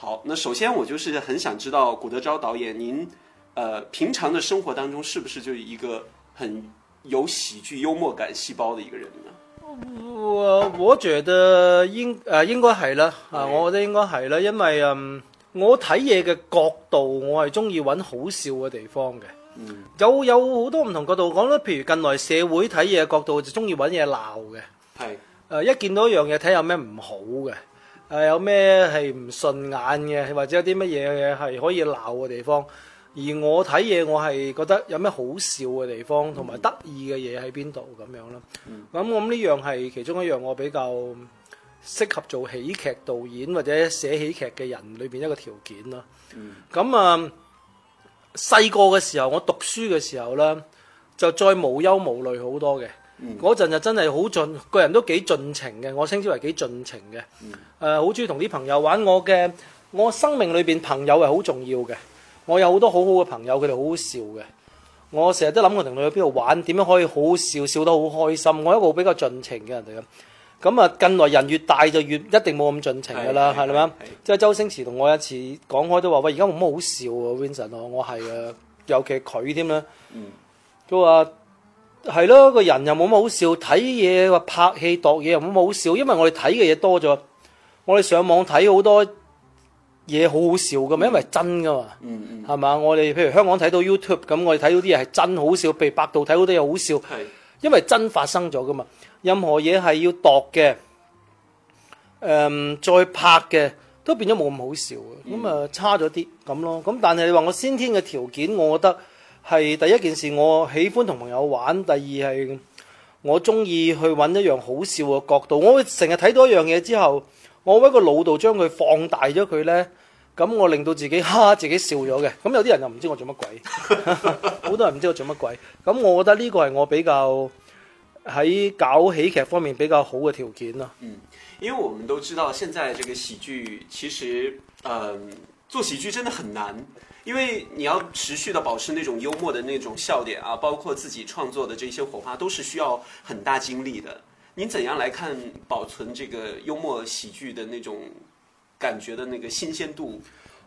好，那首先我就是很想知道谷德昭導演，您、呃，平常的生活當中是不是就是一個很有喜劇幽默感細胞的一個人呢？我覺得應是，應該係啦，啊，我覺得應該係啦，因為嗯，我睇嘢嘅角度，我係中意揾好笑嘅地方嘅，嗯、有有好多唔同角度講啦，譬如近來社會睇嘢嘅角度就中意揾嘢鬧嘅，係的、呃，一見到一樣嘢睇有咩唔好嘅。啊、有咩係唔順眼嘅，或者有啲乜嘢係可以鬧嘅地方，而我睇嘢我係覺得有咩好笑嘅地方，同埋得意嘅嘢喺邊度咁樣啦。咁我咁呢樣係其中一樣我比較適合做喜劇導演或者寫喜劇嘅人裏邊一個條件啦。咁、嗯、啊，細個嘅時候，我讀書嘅時候咧，就再無憂無慮好多嘅。嗰陣、嗯、就真係好盡，個人都幾盡情嘅，我稱之為幾盡情嘅。好中意同啲朋友玩。我嘅我生命裏面，朋友係好重要嘅，我有好多好好多好好嘅朋友，佢哋好好笑嘅。我成日都諗我同佢去邊度玩，點樣可以好，好笑笑得好開心。我一個比較盡情嘅人嚟嘅。咁啊，近來人越大就越一定冇咁盡情噶啦，係咪啊？即係周星馳同我一次講開都話喂，而家我冇好笑啊，Vincent 我係尤其係佢添啦。係咯，個人又冇乜好笑，睇嘢話拍戲度嘢又冇乜好笑，因為我哋睇嘅嘢多咗，我哋上網睇好多嘢好好笑噶嘛，因為真噶嘛，係嘛、嗯嗯？我哋譬如香港睇到 YouTube 咁，我哋睇到啲嘢係真好笑，譬如百度睇到啲嘢好笑，因為真發生咗噶嘛。任何嘢係要度嘅、嗯，再拍嘅都變咗冇咁好笑咁啊、嗯、差咗啲咁咯。咁但係你話我先天嘅條件，我覺得。係第一件事，我喜歡同朋友玩；第二係我中意去揾一樣好笑嘅角度。我會成日睇到一樣嘢之後，我喺個腦度將佢放大咗佢呢，咁我令到自己哈、啊、自己笑咗嘅。咁有啲人又唔知我做乜鬼，好 多人唔知我做乜鬼。咁我覺得呢個係我比較喺搞喜劇方面比較好嘅條件咯、嗯。因為我們都知道，現在這個喜劇其實、呃，做喜劇真的很難。因為你要持續的保持那種幽默的那種笑點啊，包括自己創作的這些火花，都是需要很大精力的。你怎樣來看保存這個幽默喜劇的那種感覺的那個新鮮度？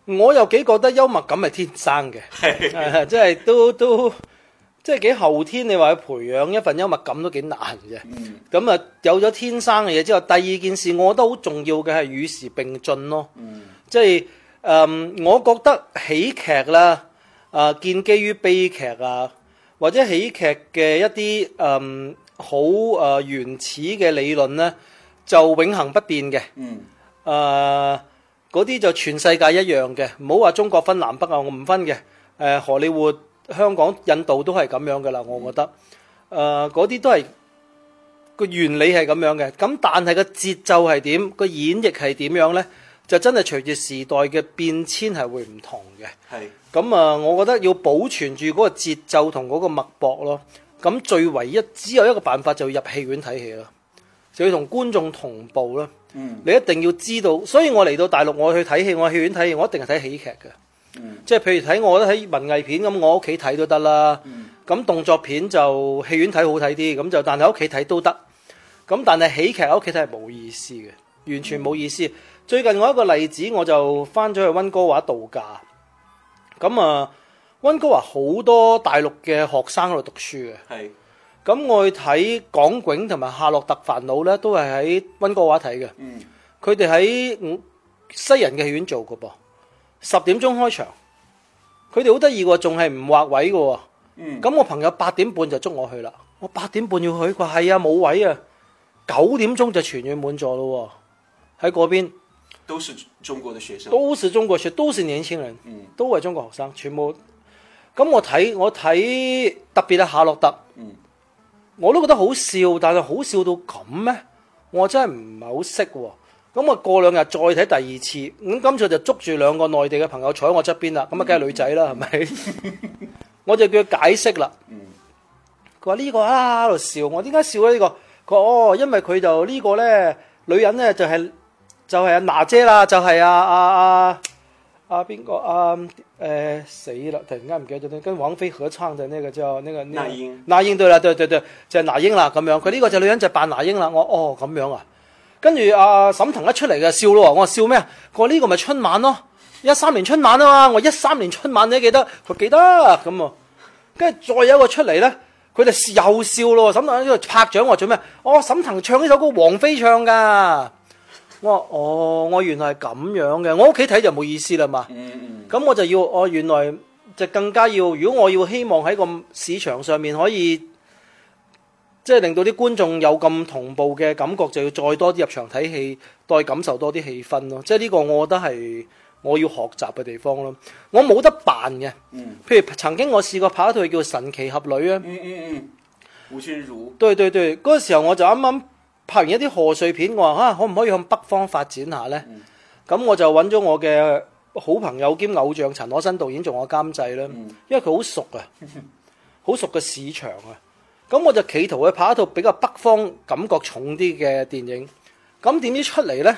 我又幾覺得幽默感係天生嘅，即係的、啊就是、都都即係幾後天。你話去培養一份幽默感都幾難嘅。咁啊、嗯，就有咗天生嘅嘢之後，第二件事我覺得好重要嘅係與時並進咯。即係、嗯。就是誒，um, 我覺得喜劇啦，誒、啊，建基於悲劇啊，或者喜劇嘅一啲誒、嗯、好誒、呃、原始嘅理論咧，就永恆不變嘅。嗯。誒，嗰啲就全世界一樣嘅，唔好話中國分南北啊，我唔分嘅。誒、啊，荷里活、香港、印度都係咁樣嘅啦，我覺得。誒、嗯，嗰啲、uh, 都係個原理係咁樣嘅。咁但係個節奏係點，個演繹係點樣咧？就真係隨住時代嘅變遷係會唔同嘅。係咁啊，我覺得要保存住嗰個節奏同嗰個脈搏咯。咁最唯一只有一個辦法就入戲院睇戲咯，就要同觀眾同步咯。你一定要知道，所以我嚟到大陸，我去睇戲，我喺戲院睇戲，我一定係睇喜劇嘅。即係譬如睇我覺得喺文藝片咁，我屋企睇都得啦。咁動作片就戲院睇好睇啲，咁就但係屋企睇都得。咁但係喜劇喺屋企睇係冇意思嘅，完全冇意思。最近我一個例子，我就翻咗去温哥華度假。咁啊，温哥華好多大陸嘅學生喺度讀書嘅。係的。嗯。咁我去睇《港囧》同埋《夏洛特煩惱》咧，都係喺温哥華睇嘅。佢哋喺西人嘅戲院做嘅噃，十點鐘開場。佢哋好得意喎，仲係唔畫位嘅喎。嗯。咁我朋友八點半就捉我去啦。我八點半要去，佢話係啊冇位啊，九點鐘就全院滿座咯喎，喺嗰邊。都是中國的學生，都是中國學，都是年輕人，嗯，都係中國學生，全部。咁我睇，我睇特別係夏洛特，嗯，我都覺得好笑，但係好笑到咁咩？我真係唔係好識喎。咁啊，過兩日再睇第二次。咁今次就捉住兩個內地嘅朋友坐喺我側邊啦。咁啊，梗係女仔啦，係咪，嗯？吧 我就叫佢解釋啦。佢話呢個啊喺度笑，我點解笑咧？呢、這個，哦，因為佢就這個呢個咧，女人咧就係、是。就係阿娜姐啦，就係、是、阿啊啊阿邊、啊、個啊誒、呃，死啦突然間唔記得咗，跟王菲合唱就呢個叫呢、那個、那個、那英，那英對啦對對對，就係、是、那英啦咁樣，佢呢個就女人就扮那英啦，我哦咁樣啊，跟住啊沈騰一出嚟就笑咯，我話笑咩啊，我呢、這個咪春晚咯，一三年春晚啊嘛，我一三年春晚你都記得，佢記得咁啊，跟住再有一個出嚟呢，佢就又笑咯，沈騰呢度拍掌我做咩，哦，沈騰唱呢首歌王，王菲唱噶。我哦，我原來係咁樣嘅，我屋企睇就冇意思啦嘛。咁、嗯嗯、我就要，我原來就更加要。如果我要希望喺個市場上面可以，即、就、係、是、令到啲觀眾有咁同步嘅感覺，就要再多啲入場睇戲，多啲感受多啲氣氛咯。即係呢個，我覺得係我要學習嘅地方咯。我冇得扮嘅。嗯、譬如曾經我試過拍一套叫《神奇俠侶》啊、嗯。嗯嗯嗯。吳君如。嗯嗯嗯、對對對，嗰、那個、時候我就啱啱。拍完一啲賀歲片，我話吓、啊、可唔可以向北方發展下呢？咁、嗯、我就揾咗我嘅好朋友兼偶像陳可辛導演做我監製啦，嗯、因為佢好熟啊，好 熟嘅市場啊。咁我就企圖去拍一套比較北方感覺重啲嘅電影，咁點知出嚟，呢，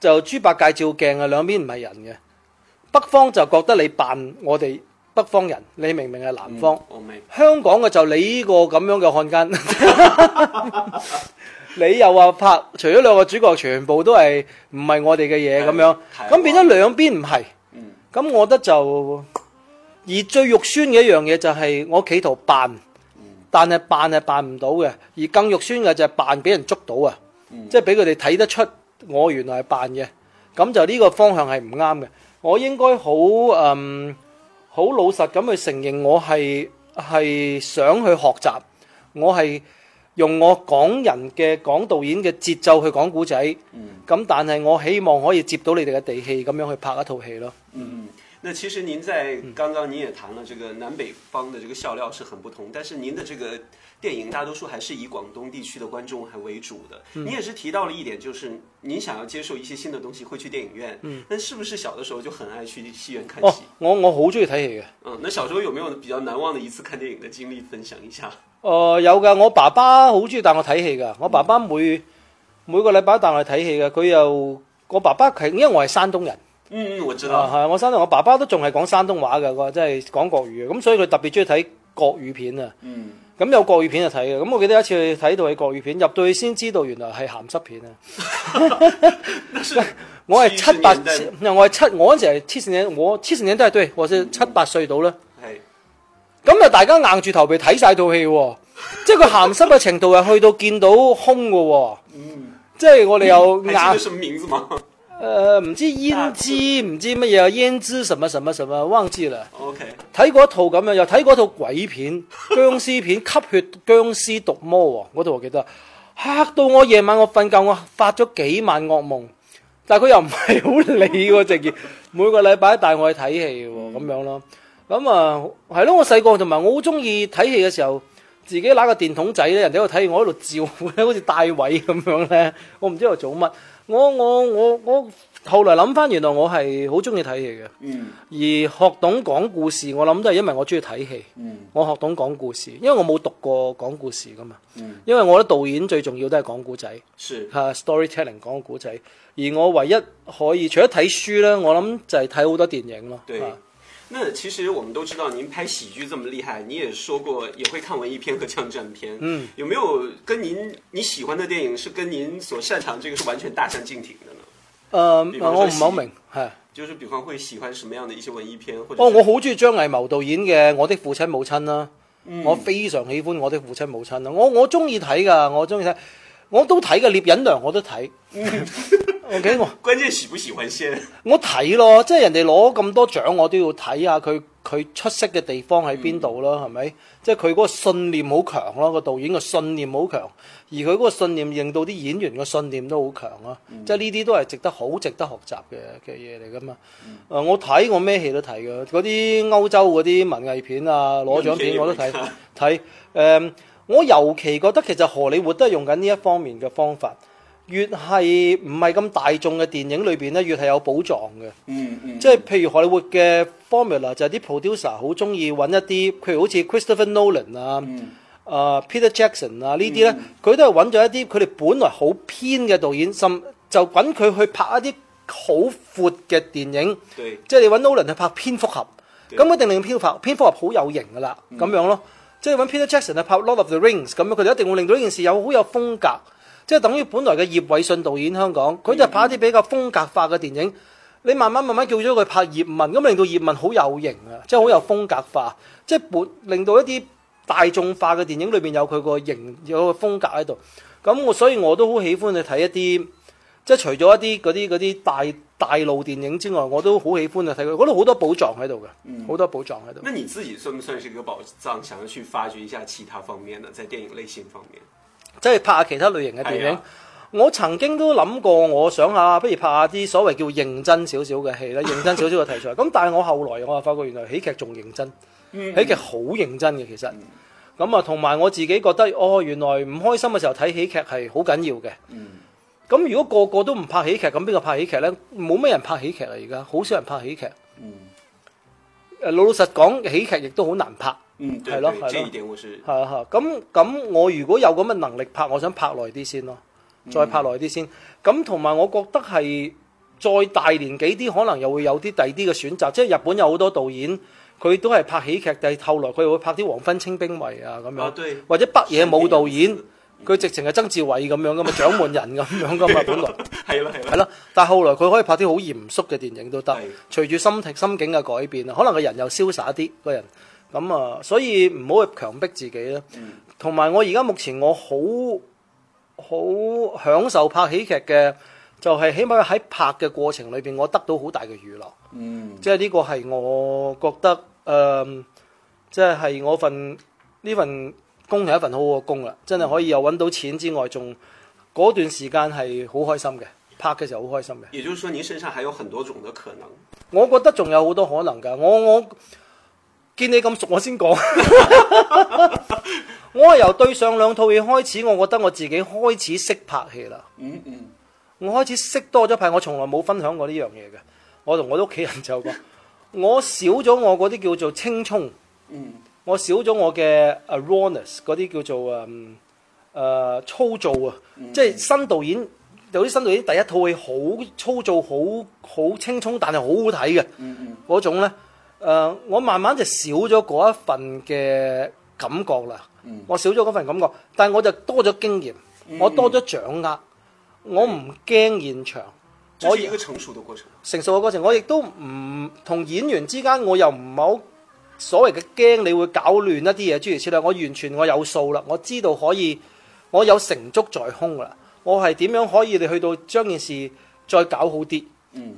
就豬八戒照鏡啊，兩邊唔係人嘅。北方就覺得你扮我哋北方人，你明明係南方。嗯、香港嘅就你呢個咁樣嘅漢奸。 你又話拍除咗兩個主角，全部都係唔係我哋嘅嘢咁樣，咁變咗兩邊唔係，咁、嗯、我覺得就而最肉酸嘅一樣嘢就係我企圖扮，嗯、但係扮係扮唔到嘅，而更肉酸嘅就係扮俾人捉到啊，嗯、即係俾佢哋睇得出我原來係扮嘅，咁就呢個方向係唔啱嘅。我應該好嗯好老實咁去承認我係係想去學習，我係。用我港人嘅港導演嘅節奏去講古仔，咁、嗯、但係我希望可以接到你哋嘅地氣，咁樣去拍一套戲咯。嗯，那其實您在剛剛您也談了，這個南北方的這個笑料是很不同，但是您的這個電影大多數還是以廣東地區的觀眾還為主的。嗯、你也是提到了一點，就是您想要接受一些新的東西，會去電影院。嗯，但是不是小的時候就很愛去戲院看戲？哦、我我好中意睇戲嘅。嗯，那小時候有沒有比較難忘的一次看電影的經歷，分享一下？誒、呃，有噶！我爸爸好中意帶我睇戲噶。我爸爸每、嗯、每個禮拜都帶我睇戲噶。佢又我爸爸，佢因為我係山東人。嗯嗯，我知道。係、呃、我山東人，我爸爸都仲係講山東話噶。佢即係講國語，咁所以佢特別中意睇國語片啊。咁、嗯、有國語片就睇嘅。咁我記得有一次去睇到係國語片，入到去先知道原來係鹹濕片啊。 我係七八，我係七，我嗰時係七十年，我七十年係對，或者七，嗯、七八歲到啦。咁啊！大家硬住頭皮睇晒套戲，即係佢咸濕嘅程度係去到見到凶嘅， 即係我哋有眼。叫什麼名字嘛？誒，唔知胭脂，唔 知乜嘢胭脂，什麼什麼什麼忘記了。OK，睇過一套咁樣，又睇過一套鬼片、僵屍片、吸血僵屍、毒魔啊！嗰套我記得吓、啊、到我夜晚我瞓覺，我發咗幾晚噩夢。但係佢又唔係好理喎，直接 每個禮拜帶我去睇戲嘅咁樣咯。咁啊，係咯！我細個同埋我好中意睇戲嘅時候，自己拿個電筒仔咧，人哋喺度睇戲，我喺度照咧，好似帶位咁樣咧。我唔知我做乜，我我我我後來諗翻，原來我係好中意睇戲嘅。嗯。而學懂講故事，我諗都係因為我中意睇戲。嗯。我學懂講故事，因為我冇讀過講故事噶嘛。嗯。因為我覺得導演最重要都係講故仔。是。吓、啊，storytelling 講故仔，而我唯一可以除咗睇書咧，我諗就係睇好多電影咯。對。啊那其實我們都知道，您拍喜劇這麼厲害，你也說過也會看文藝片和槍戰片，嗯，有沒有跟您你喜歡的電影是跟您所擅長這個是完全大相徑庭的呢？誒、呃，我唔係好明係，就是比方會喜歡什麼樣的一些文藝片或者是哦，我好中意張藝謀導演嘅《我的父親母親》啦、啊，嗯、我非常喜歡《我的父親母親，》我我中意睇噶，我中意睇。我都睇嘅，聶隱娘我都睇。OK，我 關鍵時不喜歡先？我睇咯，即、就、係、是、人哋攞咁多獎，我都要睇下佢佢出色嘅地方喺邊度咯，係咪、嗯？即係佢嗰個信念好強咯，個導演嘅信念好強，而佢嗰個信念令到啲演員嘅信念強、嗯、都好強咯。即係呢啲都係值得好值得學習嘅嘅嘢嚟噶嘛。誒、嗯，我睇我咩戲都睇嘅，嗰啲歐洲嗰啲文藝片啊，攞獎片我都睇睇。誒。我尤其覺得其實荷里活都係用緊呢一方面嘅方法，越係唔係咁大眾嘅電影裏邊咧，越係有寶藏嘅、嗯。嗯即係譬如荷里活嘅 formula 就係啲 producer 好中意揾一啲，譬如好似 Christopher Nolan 啊、嗯、啊 Peter Jackson 啊呢啲咧，佢、嗯、都係揾咗一啲佢哋本來好偏嘅導演，甚至就揾佢去拍一啲好闊嘅電影。對即係你揾 Nolan 去拍蝙蝠俠，咁對一定令蝙蝠俠蝙蝠俠好有型噶啦，咁、嗯、樣咯。即係揾 Peter Jackson 啊，拍《Lord of the Rings》咁樣，佢哋一定會令到呢件事有好有風格。即係等於本來嘅葉偉信導演香港，佢就拍一啲比較風格化嘅電影。你慢慢慢慢叫咗佢拍葉問，咁令到葉問好有型啊！即係好有風格化，即係令到一啲大眾化嘅電影裏面有佢個型，有個風格喺度。咁我所以我都好喜歡去睇一啲。即係除咗一啲嗰啲啲大大，大路電影之外，我都好喜歡啊！睇佢嗰度好多寶藏喺度嘅，好、嗯、多寶藏喺度。那你自己算唔算是一個寶藏？想要去發掘一下其他方面的，在電影類型方面，即係拍下其他類型嘅電影。哎、呀我曾經都諗過，我想下，不如拍下啲所謂叫認真少少嘅戲咧，認真少少嘅題材。咁 但係我後來我就發覺，原來喜劇仲認真，嗯、喜劇好認真嘅其實。咁啊、嗯，同埋我自己覺得，哦，原來唔開心嘅時候睇喜劇係好緊要嘅。嗯咁如果個個都唔拍喜劇，咁邊個拍喜劇呢？冇咩人拍喜劇啦，而家好少人拍喜劇。嗯，老老實講，喜劇亦都好難拍。嗯，係咯，係咯，係啊，係啊。咁咁，我如果有咁嘅能力拍，我想拍耐啲先咯，再拍耐啲先。咁同埋我覺得係再大年紀啲，可能又會有啲第二啲嘅選擇。即係日本有好多導演，佢都係拍喜劇，但係後來佢又會拍啲黃昏清兵衛啊咁樣，啊、或者北野武導演。佢、嗯、直情係曾志偉咁樣噶嘛， 掌門人咁樣噶嘛，的本來係咯係咯，但係後來佢可以拍啲好嚴肅嘅電影都得。的隨住心情心境嘅改變，可能個人又瀟灑啲個人咁啊，所以唔好去強迫自己啦。同埋、嗯、我而家目前我好好享受拍喜劇嘅，就係、是、起碼喺拍嘅過程裏面我得到好大嘅娛樂。嗯，即係呢個係我覺得誒，即、呃、係、就是、我份呢份。工係一份好好嘅工啦，真係可以有揾到錢之外，仲嗰段時間係好開心嘅，拍嘅時候好開心嘅。也就是說，您身上還有很多種的可能。我覺得仲有好多可能噶，我我見你咁熟，我先講。 我係由對上兩套戲開始，我覺得我自己開始識拍戲啦、嗯。嗯嗯，我開始識多咗派，我從來冇分享過呢樣嘢嘅。我同我屋企人就講，我少咗我嗰啲叫做青蔥。嗯。我少咗我嘅啊，rawness 嗰啲叫做誒誒、呃、粗糙啊，嗯、即係新導演有啲新導演第一套戲好粗糙，好好青葱，但係好好睇嘅嗰種咧。誒、呃、我慢慢就少咗嗰一份嘅感覺啦。嗯、我少咗嗰份感覺，但係我就多咗經驗，嗯、我多咗掌握，我唔驚現場，嗯、我亦也一個成熟嘅過程。成熟嘅過程，我亦都唔同演員之間我又唔係好。所謂嘅驚，你會搞亂一啲嘢諸如此類。我完全，我有數啦，我知道可以，我有成竹在胸啦。我係點樣可以你去到將件事再搞好啲？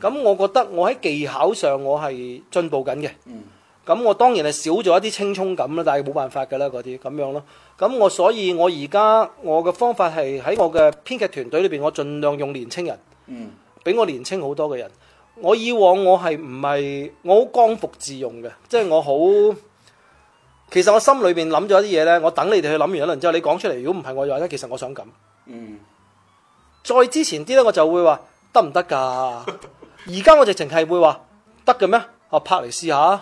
咁、嗯、我覺得我喺技巧上我係進步緊嘅。咁、嗯、我當然係少咗一啲青葱感啦，但係冇辦法㗎啦，嗰啲咁樣咯。咁我所以我而家我嘅方法係喺我嘅編劇團隊裏邊，我盡量用年青人，嗯、比我年青好多嘅人。我以往我係唔係我好剛愎自用嘅，即係我好。其實我心裏面諗咗一啲嘢呢，我等你哋去諗完一輪之後，你講出嚟。如果唔係我話呢，其實我想咁。嗯。再之前啲呢，我就會話得唔得噶？而家我直情係會話得嘅咩？我拍嚟試下。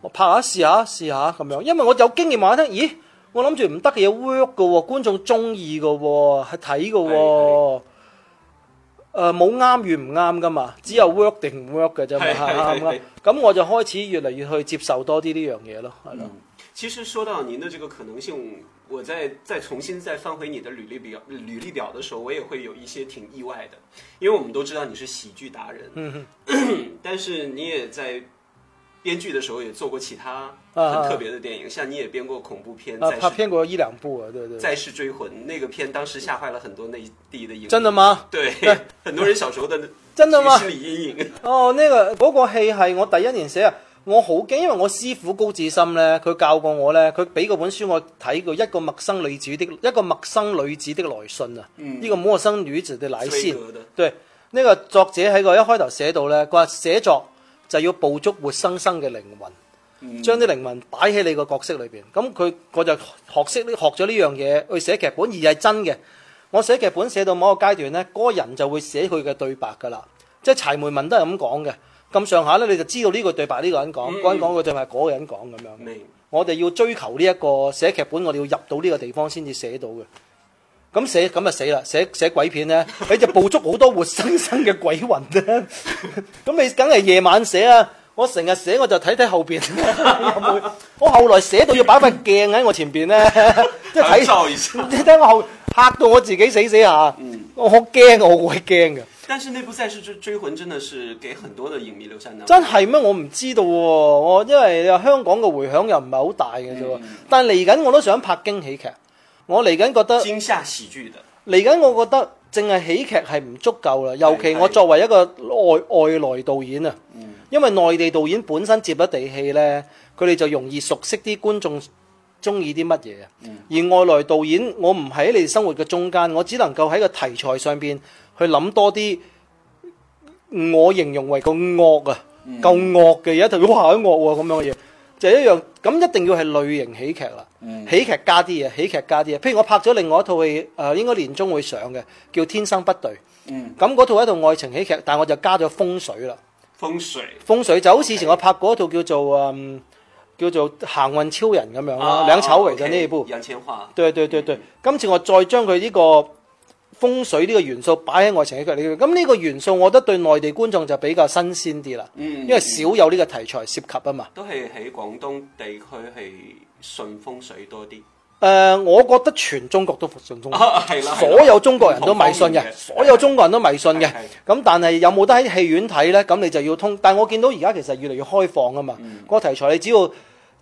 我拍下試下試下試下咁樣，因為我有經驗話咧，咦？我諗住唔得嘅嘢 work 嘅喎，觀眾中意嘅喎，係睇嘅喎。誒冇啱與唔啱㗎嘛，只有 work 定唔 work 嘅啫，係咁我就開始越嚟越去接受多啲呢樣嘢咯，係咯。其實說到您的這個可能性，我再再重新再翻回你的履歷表履歷表嘅時候，我也會有一些挺意外嘅，因為我們都知道你是喜劇達人，嗯，但是你也在。編劇的時候也做過其他很特別的電影，像你也編過恐怖片在啊。啊，他編過一兩部、啊，對對。《再世追魂》那個片當時嚇壞了很多內地的影，影。真的嗎？對， 很多人小時候的真的嗎？心理陰影。哦，那個，嗰個戲係我第一年寫啊，我好驚，因為我師傅高志森咧，佢教過我咧，佢俾嗰本書我睇過，《一個陌生女子的，一個陌生女子的來信》啊、嗯。呢個陌生女子的來信，對，呢、呢個作者喺個一開頭寫到咧，佢話寫作。就要捕捉活生生嘅靈魂，將啲靈魂擺喺你個角色裏邊。咁佢我就學識呢學咗呢樣嘢去寫劇本，而係真嘅。我寫劇本寫到某一個階段呢，嗰個人就會寫佢嘅對白㗎啦。即係柴門文都係咁講嘅。咁上下呢，你就知道呢個對白呢個人講，嗰、嗯、個人講嘅對白嗰個人講咁樣。嗯、我哋要追求呢一個寫劇本，我哋要入到呢個地方先至寫到嘅。咁寫咁就死啦！寫寫鬼片咧，你就捕捉好多活生生嘅鬼魂啫。咁 你梗係夜晚寫啊！我成日寫我就睇睇後邊有冇。我後來寫到要擺塊鏡喺我前邊咧，即係睇。你睇我後，嚇到我自己死死下。嗯，我好驚，我會驚嘅。但是那部《再世追追魂》真的是給很多的影迷留下難忘。真係咩？我唔知道喎、啊。我因為香港嘅迴響又唔係好大嘅啫。嗯、但係嚟緊我都想拍驚喜劇。我嚟緊覺得驚吓喜劇的嚟緊，我覺得淨係喜劇係唔足夠啦。尤其我作為一個外是是外來導演啊，嗯、因為內地導演本身接得地氣呢，佢哋就容易熟悉啲觀眾中意啲乜嘢啊。嗯、而外來導演，我唔喺你哋生活嘅中間，我只能夠喺個題材上邊去諗多啲我形容為個惡,、嗯、惡,惡啊，夠惡嘅，一定要好下啲惡咁樣嘅嘢。就一樣咁，樣一定要係類型喜劇啦、嗯。喜劇加啲嘢，喜劇加啲嘢。譬如我拍咗另外一套戲，誒、呃、應該年終會上嘅，叫《天生不對》。嗯。咁嗰套係一套愛情喜劇，但係我就加咗風水啦。風水。風水就好似以前我拍過一套叫做誒、嗯、叫做《行運超人》咁樣咯，兩丑為咗呢一部。楊千嬅。對對對對，嗯、今次我再將佢呢個。風水呢個元素擺喺愛情嘅腳，咁呢個元素我覺得對內地觀眾就比較新鮮啲啦，嗯、因為少有呢個題材涉及啊嘛。都係喺廣東地區係信風水多啲。誒、呃，我覺得全中國都信中，啊、所有中國人都迷信嘅，所有中國人都迷信嘅。咁的但係有冇得喺戲院睇咧？咁你就要通。但係我見到而家其實越嚟越開放啊嘛。嗯、個題材你只要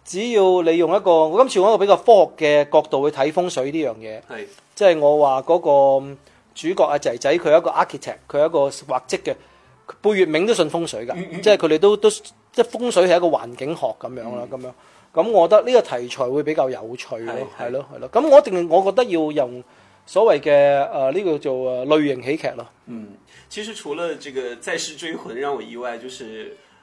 只要你用一個，我今次用一個比較科學嘅角度去睇風水呢樣嘢，係的即係我話嗰、那個。主角阿仔仔佢係一個 architect 佢係一個畫職嘅，貝聿銘都信風水㗎，嗯嗯、即係佢哋都都即係風水係一個環境學咁樣啦咁、嗯、樣咁我覺得呢個題材會比較有趣咯，係咯，係咯，咁我一定我覺得要用所謂嘅誒呢個叫做類型喜劇咯。嗯，其實除了這個再世追魂讓我意外，就是。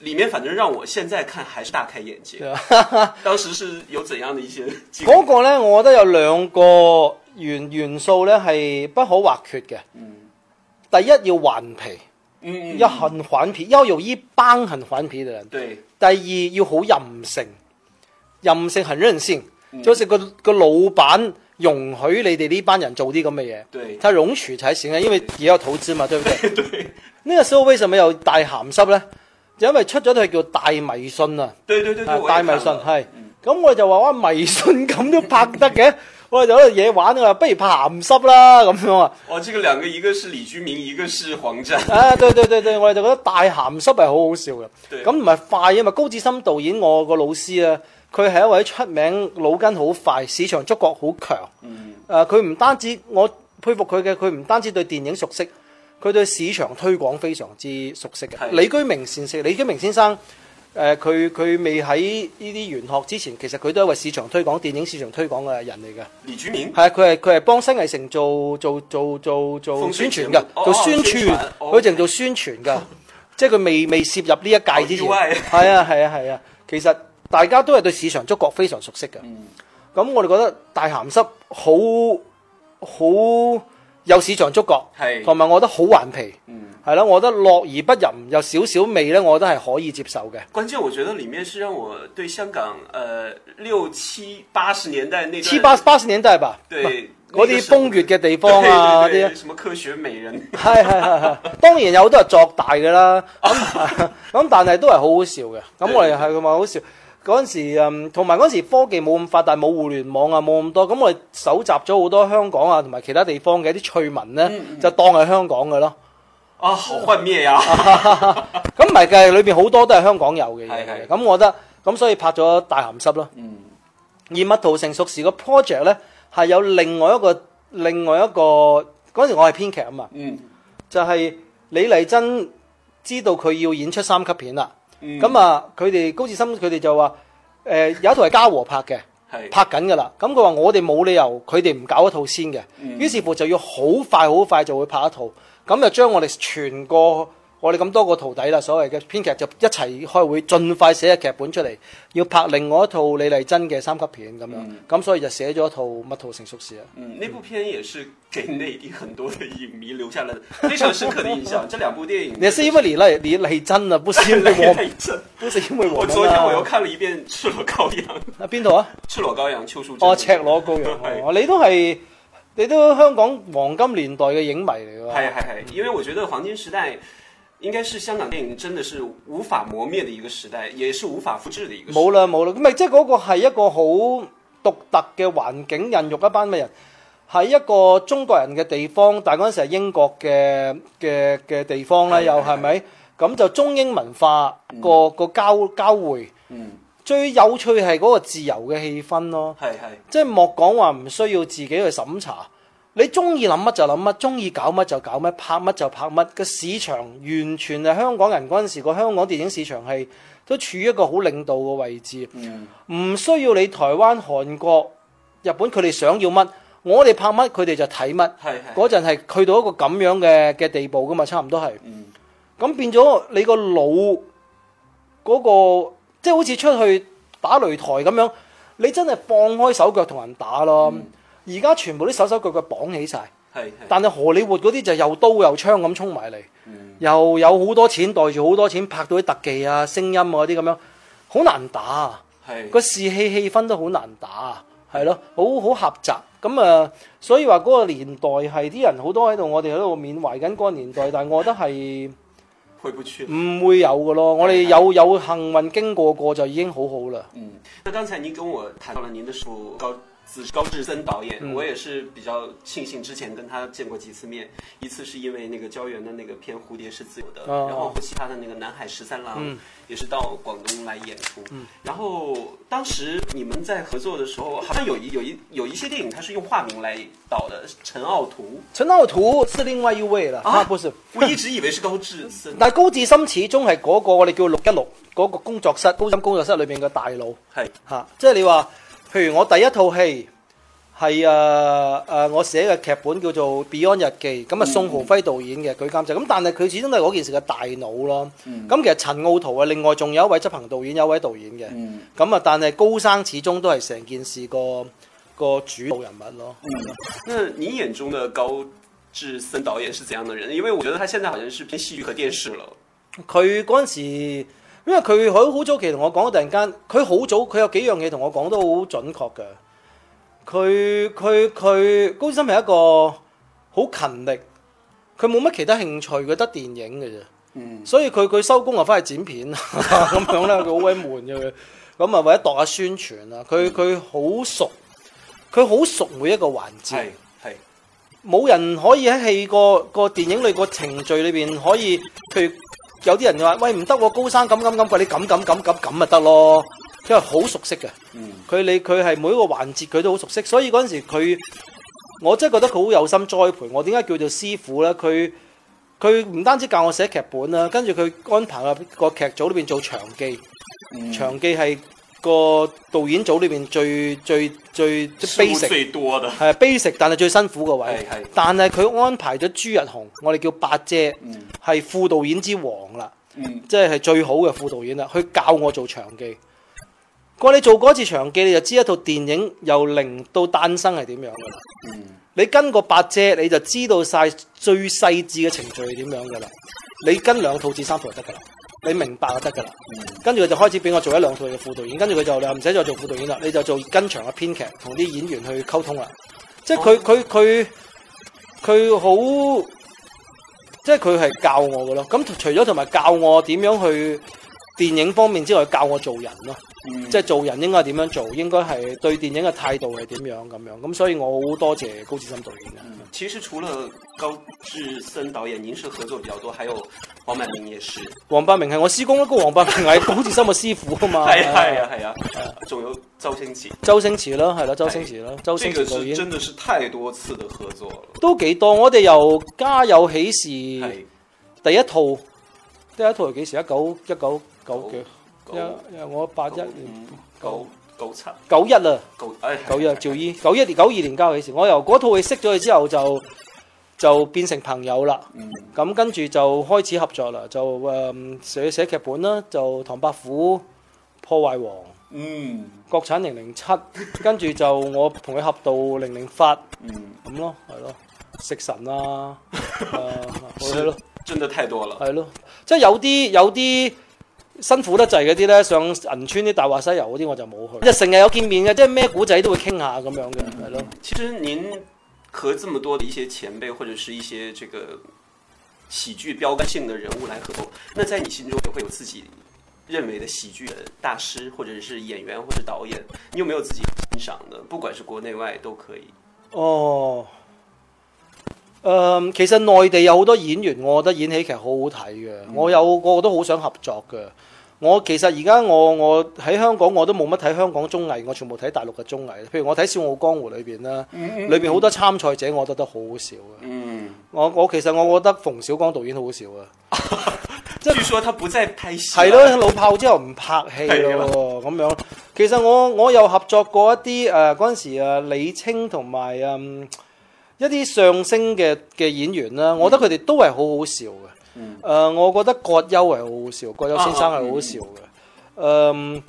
裏面反正讓我現在看還是大開眼界。當時是有怎樣的一些？嗰個咧，我覺得有兩個元元素咧係不可或缺嘅。嗯，第一要頑皮，嗯嗯，要很頑皮，要由一班很頑皮嘅人。對。第二要好任性，任性很任性就好似個個老闆容許你哋呢班人做啲咁嘅嘢。對。他容許才行啊，因為也有投資嘛，對不對？對。那個時候為什麼有大鹹濕咧？就因為出咗套叫大《大迷信》啊，大迷信係咁，我就話：哇，迷信咁都拍得嘅， 我哋有啲嘢玩，啊，不如拍鹹濕啦咁樣啊！哇、哦，這個兩個，一個是李居明，一個是黃霑。 啊，對對對對，我哋就覺得大鹹濕係好好笑嘅。咁唔係快啊？唔高志森導演，我個老師啊，佢係一位出名腦筋好快、市場觸覺好強。誒、嗯，佢唔、啊、單止我佩服佢嘅，佢唔單止對電影熟悉。佢對市場推廣非常之熟悉嘅。李居明先生，的李居明先生，誒、呃，佢佢未喺呢啲玄學之前，其實佢都係一位市場推廣、電影市場推廣嘅人嚟嘅。主明係啊，佢係佢係幫新藝城做做做做做宣傳㗎，做宣傳，佢淨、哦哦、做宣傳㗎。即係佢未未涉入呢一界之前，係啊係啊係啊。其實大家都係對市場觸覺非常熟悉嘅。咁、嗯、我哋覺得大鹹濕好好。有市場觸覺，係同埋我覺得好頑皮，嗯，係咯，我覺得樂而不淫，有少少味咧，我覺得係可以接受嘅。關鍵，我覺得裡面是讓我對香港，誒六七八十年代七八八十年代吧，對嗰啲是風月嘅地方啊，啲些什麼科學美人，係係係，當然有好多係作大㗎啦，咁咁、啊啊、但係都係好好笑嘅，咁我哋係咁話好笑。嗰陣時，嗯，同埋嗰陣時科技冇咁發達，冇互聯網啊，冇咁多。咁我哋搜集咗好多香港啊，同埋其他地方嘅一啲趣聞咧，嗯嗯、就當係香港嘅咯。啊，好，翻咩啊？咁唔係嘅，裏面好多都係香港有嘅嘢。咁是、嗯、我覺得，咁所以拍咗大鹹濕咯。嗯。而蜜桃成熟時個 project 咧，係有另外一個，另外一個嗰陣時我係編劇啊嘛。嗯。就係李麗珍知道佢要演出三級片啦。咁、嗯、啊，佢哋高志森佢哋就話，誒、呃，有一套係嘉禾拍嘅，是的 拍緊噶啦。咁佢話我哋冇理由佢哋唔搞一套先嘅，於、嗯、是乎就要好快好快就會拍一套，咁就將我哋全個。我哋咁多個徒弟啦，所謂嘅編劇就一齊開會，盡快寫個劇本出嚟，要拍另外一套李麗珍嘅三級片咁樣。咁所以就寫咗一套蜜桃成熟事啊？嗯，那部片也是給內地很多影迷留下了非常深刻的印象。這兩部電影你是因為你麗李麗珍啊，不是因為我王敏，不是因為王。我昨天我又看了一遍《赤裸羔羊》。啊邊度啊？《赤裸羔羊》邱淑貞。哦，赤裸羔羊。哦，你都係你都香港黃金年代嘅影迷嚟㗎。係係係，因為我覺得黃金時代。應該是香港電影真的是無法磨滅的一個時代，也是無法複製的一個時代。冇啦冇啦，咁咪即係嗰個係一個好獨特嘅環境，孕育一班嘅人喺一個中國人嘅地方，但嗰陣時係英國嘅嘅嘅地方咧，又係咪？咁就中英文化個、嗯、個交交匯，嗯、最有趣係嗰個自由嘅氣氛咯。係係，即係莫講話唔需要自己去審查。你中意諗乜就諗乜，中意搞乜就搞乜，拍乜就拍乜。個市場完全係香港人嗰陣時個香港電影市場係都處於一個好領導嘅位置，唔、嗯、需要你台灣、韓國、日本佢哋想要乜，我哋拍乜佢哋就睇乜。嗰陣係去到一個咁樣嘅嘅地步㗎嘛，差唔多係。咁、嗯、變咗你個腦嗰、那個，即、就、係、是、好似出去打擂台咁樣，你真係放開手腳同人打咯。嗯而家全部啲手手腳腳綁起晒，是是但係荷里活嗰啲就又刀又槍咁衝埋嚟，嗯、又有好多，多錢，袋住好多錢拍到啲特技啊、聲音啊啲咁樣，好難打，是個士氣氣氛都好難打，係咯，好好狹窄。咁啊、呃，所以話嗰個年代係啲人好多喺度，我哋喺度緬懷緊嗰個年代，但我覺得係，唔會有嘅咯。我哋有的有幸運經過過就已經好好啦。嗯，那剛才您跟我談到了您的書稿。是高志森導演，我也是比較慶幸之前跟他見過幾次面，一次是因為那個膠原的那個片《蝴蝶是自由的》，然後和其他的那個《南海十三郎》也是到廣東來演出。嗯、然後當時你們在合作的時候，好像有一有一有，有一些電影他是用化名來導的，陳奧圖，陳奧圖是另外一位了啊？不是， 我一直以為是高志森。 但高智那高志森始終係嗰個我哋叫六一六嗰個工作室，高志森工作室裏邊嘅大佬，係吓是、啊，即係你話。譬如我第一套戲係誒誒，我寫嘅劇本叫做《Beyond 日記》，咁啊、嗯，宋豪輝導演嘅佢監製，咁但係佢始終係嗰件事嘅大腦咯。咁、嗯、其實陳奧圖啊，另外仲有一位執行導演，有一位導演嘅。咁啊、嗯，但係高生始終都係成件事個個主導人物咯。嗯，你眼中嘅高志森導演是怎樣的人？因為我覺得他現在好像是偏戲劇和電視咯。佢嗰陣時。因為佢佢好早期同我講，突然間佢好早，佢有幾樣嘢同我講都好準確嘅。佢佢佢高志森係一個好勤力，佢冇乜其他興趣，佢得電影嘅啫。嗯，所以佢佢收工就翻去剪片咁 樣咧，佢好鬼悶嘅。咁啊， 為咗度下宣傳啊，佢佢好熟，佢好熟每一個環節。係冇人可以喺戲個個電影裏個程序裏邊可以譬如。有啲人話：喂，唔得喎，高生咁咁咁，佢你咁咁咁咁咁咪得咯。因為好熟悉嘅，佢你佢係每一個環節佢都好熟悉，所以嗰陣時佢，我真係覺得佢好有心栽培我。點解叫做師傅呢？佢佢唔單止教我寫劇本啦，跟住佢安排個劇組裏面做長記，嗯、長記係。個導演組裏邊最最最即係 basic，係 basic，但係最辛苦個位置。是是但係佢安排咗朱日紅，我哋叫八姐，係、嗯、副導演之王啦，即係、嗯、最好嘅副導演啦。佢教我做場記，我話你做嗰次場記，你就知道一套電影由零到誕生係點樣嘅啦。嗯、你跟個八姐，你就知道晒最細致嘅程序係點樣嘅啦。你跟兩套至三套就得噶啦。你明白就得噶啦，跟住佢就開始俾我做一兩套嘅副導演，跟住佢就話你唔使再做副導演啦，你就做跟場嘅編劇，同啲演員去溝通啦。即係佢佢佢佢好，即係佢係教我噶咯。咁除咗同埋教我點樣去電影方面之外，教我做人咯。嗯、即係做人應該點樣做，應該係對電影嘅態度係點樣咁樣咁，所以我好多謝高志森導演嘅。其實除了高志森導演，影視合作比較多，還有黃百鳴也是。黃百鳴係我師公，一、那個黃百鳴係高志森嘅師傅啊嘛。係啊係啊係啊。仲、啊啊、有周星馳、啊，周星馳啦，係啦是，周星馳啦，周星馳導演。真的是太多次的合作了，都幾多。我哋由加油《家有喜事》第一套，第一套係幾時？一九一九九幾？因為我八一年九九七九一啊，九九一趙姨，九一年九二年交嘅時，我由嗰套戲識咗佢之後，就就變成朋友啦。咁跟住就開始合作啦，就誒寫寫劇本啦，就唐伯虎破壞王，嗯，國產零零七，跟住就我同佢合到零零八，嗯，咁咯，係咯，食神啊，係咯，真的太多了，係咯，即係有啲有啲。辛苦得滯嗰啲咧，上銀川啲《大話西遊》嗰啲我就冇去。就成日有見面嘅，即係咩古仔都會傾下咁樣嘅，係咯。其實您和這麼多的一些前輩或者是一些這個喜劇標杆性嘅人物來合作，那在你心中會有自己認為的喜劇嘅大師，或者是演員或者，演員或者導演，你有沒有自己欣賞的？不管是國內外都可以。哦，誒、嗯，其實內地有好多演員，我覺得演喜劇好好睇嘅，嗯、我有個個都好想合作嘅。我其實而家我我喺香港我都冇乜睇香港綜藝，我全部睇大陸嘅綜藝。譬如我睇《笑傲江湖裡面》裏邊啦，裏邊好多參賽者，我覺得都好好笑嘅。嗯、我我其實我覺得馮小剛導演好好笑啊！即係，據說他不再拍戲。係咯，老炮之後唔拍戲咯咁樣。其實我我又合作過一啲誒嗰陣時啊，李菁同埋嗯一啲相聲嘅嘅演員啦，嗯、我覺得佢哋都係好好笑嘅。嗯呃、我覺得葛優係好好笑，葛優先生係好好笑嘅。誒、啊嗯嗯，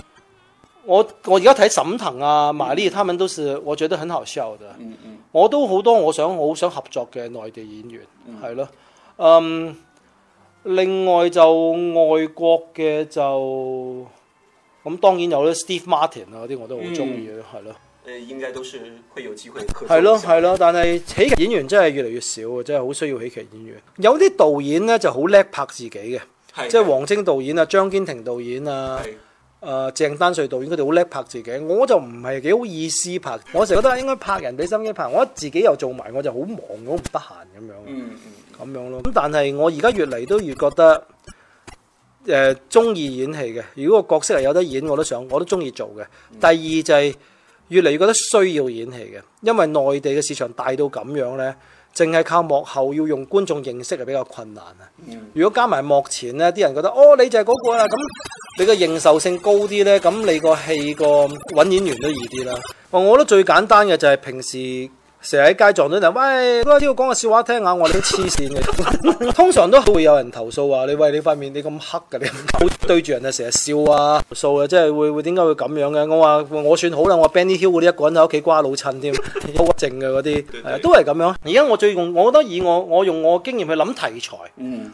我我而家睇沈騰啊，埋啲、嗯、他們都是，我覺得很好笑嘅。嗯嗯、我都好多我想好想合作嘅內地演員，係咯、嗯。嗯，另外就外國嘅就，咁當然有啲 Steve Martin 啊嗰啲我都好中意咯，係咯、嗯。誒，應該都是會有機會。係咯，係咯，但係喜劇演員真係越嚟越少，真係好需要喜劇演員。有啲導演咧就好叻拍自己嘅，的即係王晶導演啊、張堅庭導演啊、誒鄭的、呃、丹瑞導演，佢哋好叻拍自己。我就唔係幾好意思拍，我成日都覺得應該拍人畀心機拍。我自己又做埋，我就好忙，我唔得閒咁樣，咁、嗯嗯、樣咯。咁但係我而家越嚟都越覺得，誒中意演戲嘅。如果個角色係有得演，我都想，我都中意做嘅。嗯、第二就係、是。越嚟越覺得需要演戲嘅，因為內地嘅市場大到咁樣呢，淨係靠幕後要用觀眾認識係比較困難啊。嗯、如果加埋幕前呢，啲人覺得哦，你就係嗰個啦，咁你個認受性高啲呢，咁你個戲個揾演員都易啲啦。我覺得最簡單嘅就係平時。成日喺街撞到人，喂！都要講個笑話聽下，我哋都黐線嘅。通常都會有人投訴話你，喂！你塊面你咁黑嘅，你好對住人啊！成日笑啊，投訴啊，即係會會點解會咁樣嘅？我話我算好啦，我 Benny Hill 嗰啲一個人喺屋企瓜老襯添，好正嘅嗰啲，係啊，都係咁樣。而家我最用，我覺得以我我用我經驗去諗題材，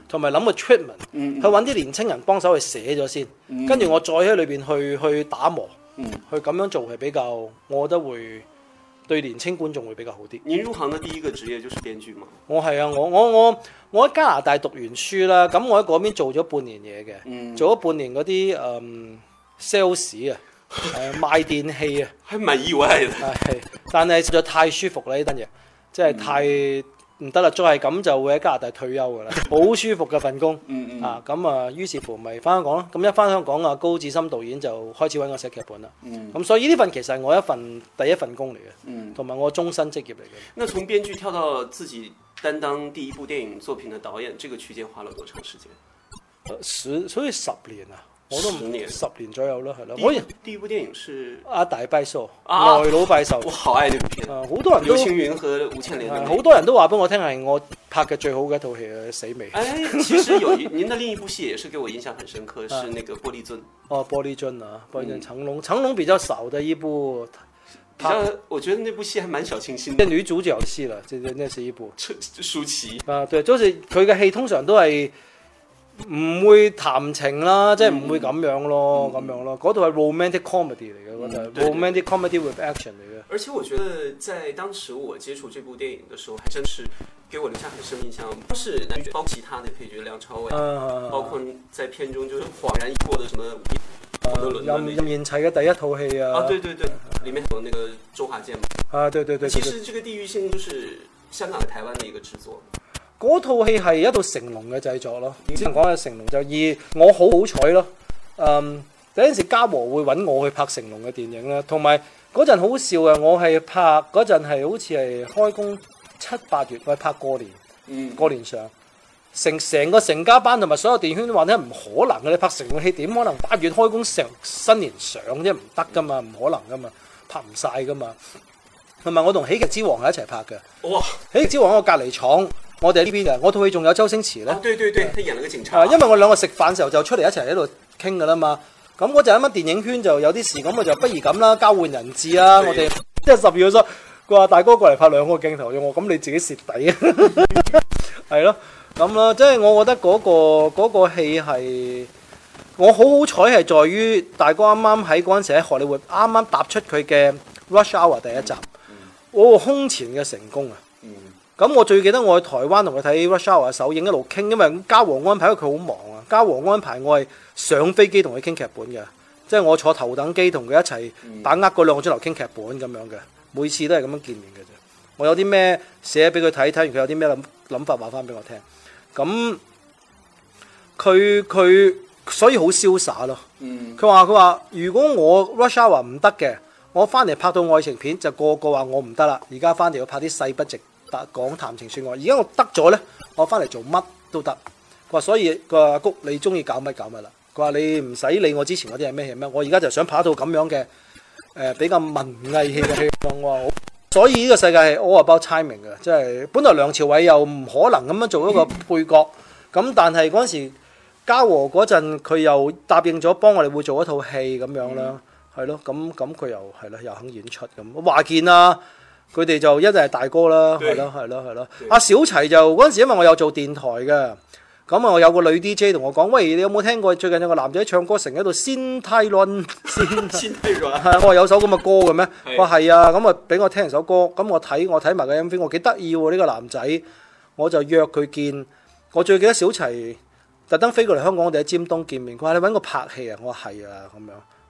同埋諗個 treatment，嗯，去搵啲年青人幫手去寫咗先，跟住我再喺裏邊去去打磨，去咁樣做係比較，我覺得會。對年輕觀眾會比較好啲。您入行的第一個職業就是編劇嗎？我係啊，我我我我喺加拿大讀完書啦，咁我喺嗰邊做咗半年嘢嘅，嗯、做咗半年嗰啲誒 sales 啊，誒、 呃、賣電器啊，係咪以為？係、哎，但係實在太舒服啦呢單嘢，即係 太。嗯唔得啦，再係咁就會喺加拿大退休噶啦，好舒服嘅份工 啊！咁、嗯嗯、啊，於是乎咪翻香港咯。咁一翻香港啊，高志森導演就開始搵我寫劇本啦。咁、嗯啊、所以呢份其實係我一份第一份工嚟嘅，同埋、嗯、我終身職業嚟嘅。那從編劇跳到自己擔當第一部電影作品嘅導演，這個區間花了多長時間？呃、所以十年啊。我都十年十年左右啦，係咯。可以第一部電影是阿大拜壽，外老拜壽。我好愛呢部片，好多人劉青雲和吳倩蓮，好多人都話俾我聽係我拍嘅最好嘅一套戲嘅《死眉》。誒，其實有您的另一部戲也是給我印象很深刻，是那個《玻璃樽》。哦，《玻璃樽》啊，《玻璃樽》成龍，成龍比較少的一部，比較我覺得那部戲還蠻小清新嘅女主角戲啦，這這那是一部舒舒淇啊，對，就是佢嘅戲通常都係。唔會談情啦，即係唔會咁樣咯，咁、嗯、樣咯，嗰套係、嗯、romantic comedy 嚟嘅，嗰套係 romantic comedy with action 嚟嘅。而且我覺得，在當時我接觸這部電影嘅時候，還真是給我留下很深印象，都是包括其他的配角梁朝偉，啊啊、包括在片中就是恍然一過的什麼的、啊、任任賢齊嘅第一套戲啊，對對對，裡面有那個周華健嘛，啊對對對。其實這個地域性就是香港台灣的一個製作。嗰套戲係一套成龍嘅製作咯，只能講係成龍，就而我好好彩咯，嗯，嗰陣時嘉禾會揾我去拍成龍嘅電影咧，同埋嗰陣好笑嘅，我係拍嗰陣係好似係開工七八月去拍過年，過年上，成成個成家班同埋所有電圈都話咧唔可能嘅，你拍成龍戲點可能八月開工成新年上啫，唔得噶嘛，唔可能噶嘛，拍唔晒噶嘛，同埋我同喜劇之王係一齊拍嘅，哇！喜劇之王我嘅隔離廠。我哋呢邊嘅，我同佢仲有周星馳咧、哦。對對對，佢演了個警察。因為我兩個食飯時候就出嚟一齊喺度傾噶啦嘛。咁嗰陣啱啱電影圈就有啲事，咁我就不如咁啦，交換人質啦、啊。 我哋即係十二號咁，佢話大哥過嚟拍兩個鏡頭用，咁你自己蝕底啊。係咯， 咁咯，即係我覺得嗰、那個嗰、那個戲係我好好彩係在於大哥啱啱喺嗰陣時喺荷里活啱啱踏出佢嘅 Rush Hour 第一集，嗯嗯、我空前嘅成功啊！咁我最記得我喺台灣同佢睇 Rush Hour 嘅首映一路傾，因為嘉禾安排，佢好忙啊。嘉禾安排我係上飛機同佢傾劇本嘅，即係我坐頭等機同佢一齊把握嗰兩個鐘頭傾劇本咁樣嘅。每次都係咁樣見面嘅啫。我有啲咩寫俾佢睇，睇完佢有啲咩諗法話翻俾我聽。咁，佢佢所以好瀟灑咯。佢話，佢話如果我 Rush Hour 唔得嘅，我翻嚟拍到愛情片就個個話我唔得啦。而家翻嚟要拍啲細不值。講談情說愛，而家我得咗呢，我翻嚟做乜都得。佢話，所以個阿谷，你中意搞乜搞乜啦？佢話你唔使理我之前嗰啲係咩係咩，我而家就想拍一套咁樣嘅、呃、比較文藝戲嘅戲。我話所以呢個世界係 all about timing 嘅，即係本來梁朝偉又唔可能咁樣做一個配角，咁、嗯、但係嗰陣時嘉禾嗰陣，佢又答應咗幫我哋會做一套戲咁樣啦，係咯、嗯，咁咁佢又係啦，又肯演出咁，我話見啊。佢哋就一定係大哥啦，係咯係咯係咯。阿對小齊就嗰陣時，因為我有做電台嘅，咁啊我有個女 DJ 同我講，喂，你有冇聽過最近有個男仔唱歌成日喺度《心太軟》 了？心心太軟，我話有首咁嘅歌嘅咩？話係 啊，咁啊俾我聽一首歌。咁我睇我睇埋個 MV，我幾得意喎呢個男仔。我就約佢見。我最記得小齊特登飛過嚟香港，我哋喺尖東見面。佢話：你揾個拍戲我是啊？我話係啊，咁樣。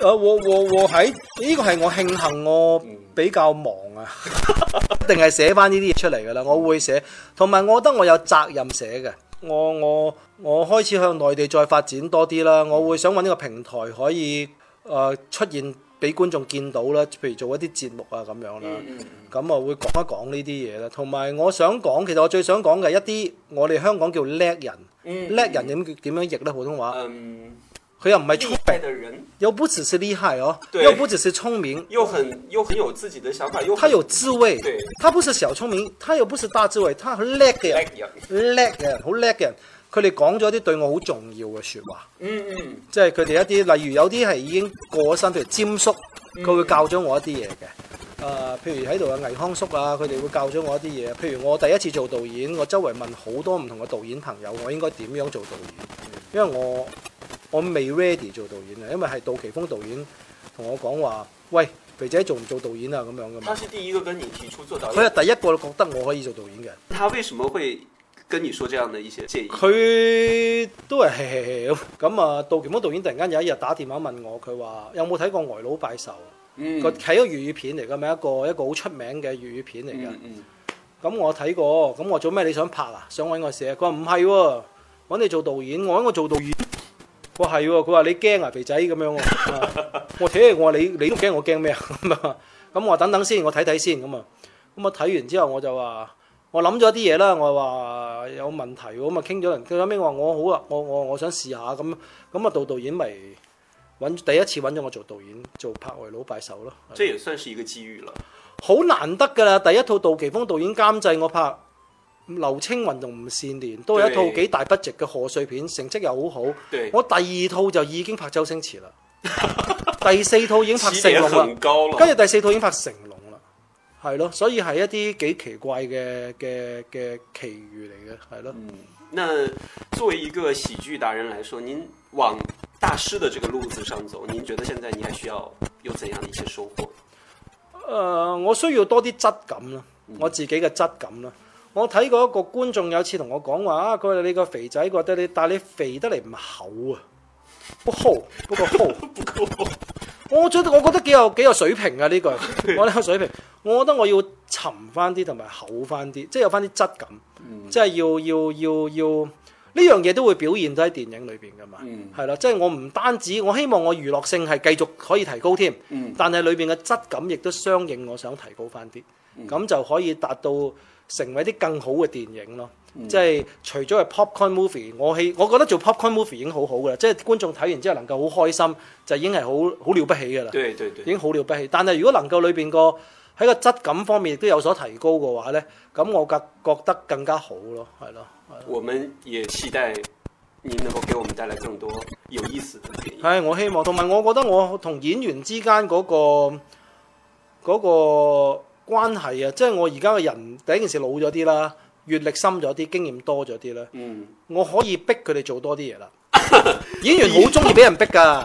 誒喺呢個係我慶幸我比較忙啊，嗯、 一定係寫翻呢啲嘢出嚟噶啦，我會寫，同埋我覺得我有責任寫嘅。我我我開始向內地再發展多啲啦，我會想揾呢個平台可以誒、呃、出現俾觀眾見到啦，譬如做一啲節目啊咁樣啦。咁啊、嗯、會講一講呢啲嘢啦。同埋我想講，其實我最想講嘅一啲，我哋香港叫叻人，叻、嗯、人點點樣譯呢？普通話？嗯佢又唔係聰明嘅人，又不只是厲害哦，對，又不只是聰明，又很又很有自己的想法，又很他有智慧，對，他不是小聰明，他又不是大智慧，他係叻嘅人，叻嘅人，好叻嘅人，佢哋講咗啲對我好重要嘅説話。嗯嗯，即係佢哋一啲，例如有啲係已經過咗身占他會我一些東西、呃，譬如詹叔，佢會教咗我一啲嘢嘅。啊，譬如喺度嘅倪康叔啊，佢哋會教咗我一啲嘢，譬如我第一次做導演，我周圍問好多唔同嘅導演朋友，我應該點樣做導演，嗯、因為我。我未 ready 做導演啊，因為係杜琪峰導演同我講話，喂，肥仔做唔做導演啊？咁樣咁。他是第一個跟你提出做導演。佢係第一個覺得我可以做導演嘅。他為什麼會跟你說這樣嘅一些建議？佢都係，咁、嗯、啊，杜琪峰導演突然間有一日打電話問我，佢話：有冇睇過呆佬拜壽？嗯、看一個係個粵語片嚟㗎，咪一個一個好出名嘅粵語，語片嚟㗎。咁、嗯嗯嗯、我睇過，咁我做咩你想拍啊？想揾我寫？佢話唔係喎，揾你做導演，我揾我做導演。我係喎，佢話你驚啊，肥仔咁樣喎。我睇我你你都驚，我驚咩啊？咁我，話我等等先，我睇睇先咁啊。咁啊睇完之後我，我就話我諗咗啲嘢啦。我話有問題咁啊，傾咗人。佢後屘話我，我好啊，我我我，我想試下咁。咁啊，導導演咪揾第一次揾咗我做導演，做拍外佬擺手咯。這也算是一個機遇啦，好難得㗎啦！第一套杜琪峰導演監製我拍。劉青雲同吳倩蓮都係一套幾大預算嘅賀歲片，對成績又好好。對我第二套就已經拍周星馳啦， 第四套已經拍成龍啦，跟住第四套已經拍成龍啦，係咯，所以係一啲幾奇怪嘅嘅嘅奇遇嚟嘅，係咯。嗯，那作為一個喜劇達人來說，您往大師的這個路子上走，您覺得現在你還需要有怎樣的一些收穫？誒、呃，我需要多啲質感啦，嗯、我自己嘅質感啦。我睇過一個觀眾有一次同我講話，佢、啊、話你個肥仔覺得你但係你肥得嚟唔厚啊，不厚，不，不過厚， 我覺得我覺得幾有幾有水平啊呢句、這個，我呢個水平，我覺得我要沉翻啲同埋厚翻啲，即係有翻啲質感，即係、嗯、要要要要呢樣嘢都會表現到喺電影裏邊噶嘛，係啦、嗯，即係、就是、我唔單止我希望我娛樂性係繼續可以提高添，嗯、但係裏邊嘅質感亦都相應我想提高翻啲，咁、嗯、就可以達到。成為啲更好嘅電影咯，嗯、即係除咗係 popcorn movie，我係我覺得做 popcorn movie 已經好好噶啦，即係觀眾睇完之後能夠好開心，就已經係好好了不起噶啦。對對對，已經好了不起。但係如果能夠裏邊個喺個質感方面都有所提高嘅話呢，咁我更覺得更加好咯，係咯。咯，我們也期待你能夠給我們帶來更多有意思的電影。係，我希望。同埋我覺得我同演員之間嗰個嗰個，那個關係啊，即係我而家嘅人第一件事老咗啲啦，閲歷深咗啲，經驗多咗啲啦。嗯、我可以逼佢哋做多啲嘢啦。 演員好中意俾人逼㗎，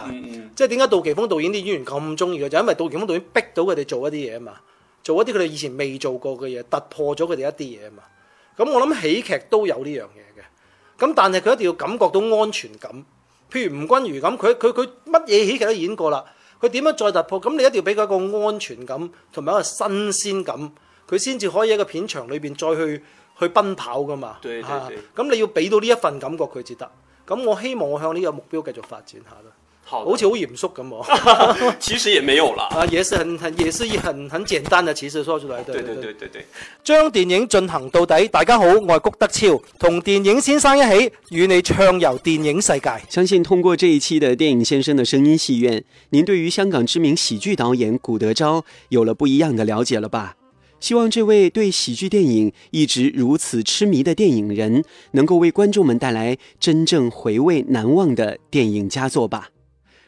即係點解杜琪峰導演啲演員咁中意？就因為杜琪峰導演逼到佢哋做一啲嘢啊嘛，做一啲佢哋以前未做過嘅嘢，突破咗佢哋一啲嘢啊嘛。咁我諗喜劇都有呢樣嘢嘅，咁但係佢一定要感覺到安全感。譬如吳君如咁，佢佢佢乜嘢喜劇都演過啦。佢點樣再突破？咁你一定要俾佢一個安全感同埋一個新鮮感，佢先至可以喺個片場裏邊再去去奔跑㗎嘛。嚇，咁你要俾到呢一份感覺佢至得。咁我希望我向呢個目標繼續發展下啦。好似好嚴肅咁喎。其實也沒有了啊， 也是很很，也是一很很簡單的，其實說出來的。對，對對對對對，將電影進行到底。大家好，我係谷德昭，同電影先生一起與你暢遊電影世界。相信通過這一期的電影先生的聲音戲院，您對於香港知名喜劇導演谷德昭有了不一樣的了解了吧？希望這位對喜劇電影一直如此痴迷的電影人，能夠為觀眾們帶來真正回味難忘的電影佳作吧。